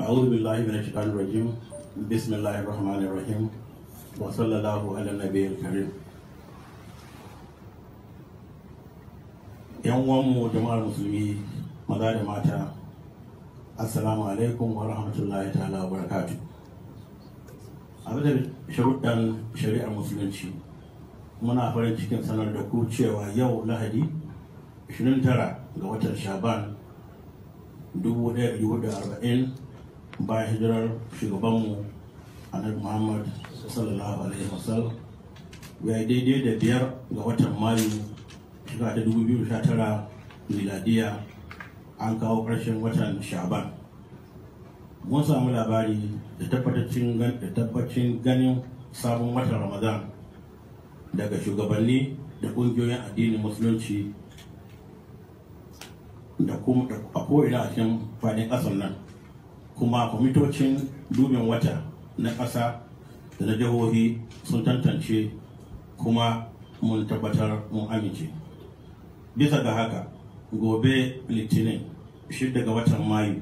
أعوذ بالله من الشيطان الرجيم بسم الله الرحمن الرحيم وصلى الله على النبي الكريم yan uwanmu jama'ar musulmi maza da mata assalamu alaikum wa rahmatullahi ta'ala abin da shari'ar musulunci muna farin cikin sanar da ku cewa yau lahadi 29 ga watan shaban 1440 ba hijirar shugabanmu annabi muhammad sallallahu alaihi wasallam ya daidai da biyar ga watan mayu shiga ta 2019 miladiya an kawo ƙarshen watan shaban mun samu labari da tabbacin ganin sabon watan ramadan daga shugabanni da ƙungiyoyin addinin musulunci da kuma a ko'ina a cikin faɗin ƙasar nan kuma kwamitocin dubin wata na ƙasa da na jihohi sun tantance kuma mun tabbatar mun amince bisa ga haka gobe litinin 6 ga watan mayu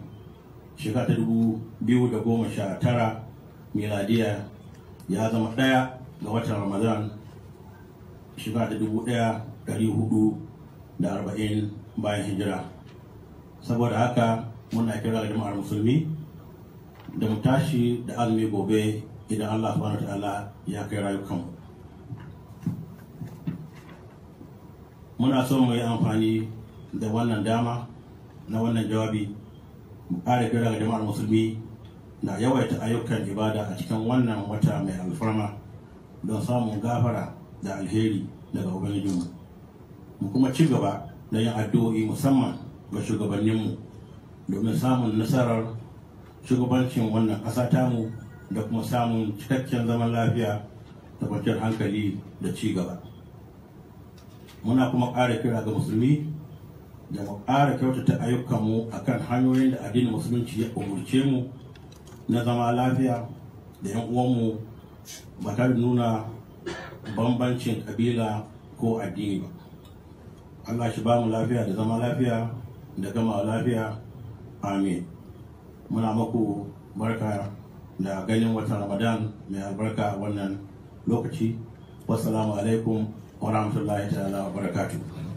shekara ta biyu da goma sha tara miladiya ya zama ɗaya ga watan ramadan shekara ta da arba'in bayan hijira saboda haka muna kira ga jama'ar musulmi da mu tashi da azumi gobe idan Allah subhanahu ta'ala ya kai rayukan mu muna so mu yi amfani da wannan dama na wannan jawabi mu kare kira ga jama'ar musulmi na yawaita ayyukan ibada a cikin wannan wata mai alfarma don samun gafara da alheri daga ubangijinmu mu kuma ci gaba da yin addu'o'i musamman ga shugabanninmu domin samun nasarar shugabancin wannan ƙasa tamu da kuma samun cikakken zaman lafiya da kwanciyar hankali da ci gaba muna kuma ƙara kira ga musulmi da mu ƙara kyautata ayyukanmu a kan hanyoyin da addinin musulunci ya umurce mu na zama lafiya da 'yan uwanmu ba tare nuna bambancin ƙabila ko addini ba Allah shi ba mu lafiya da zama lafiya da gama lafiya amin muna maku barka da ganin watan ramadan mai albarka wannan lokaci wasu alaikum wa rahmatullahi ta'ala wa barakatuh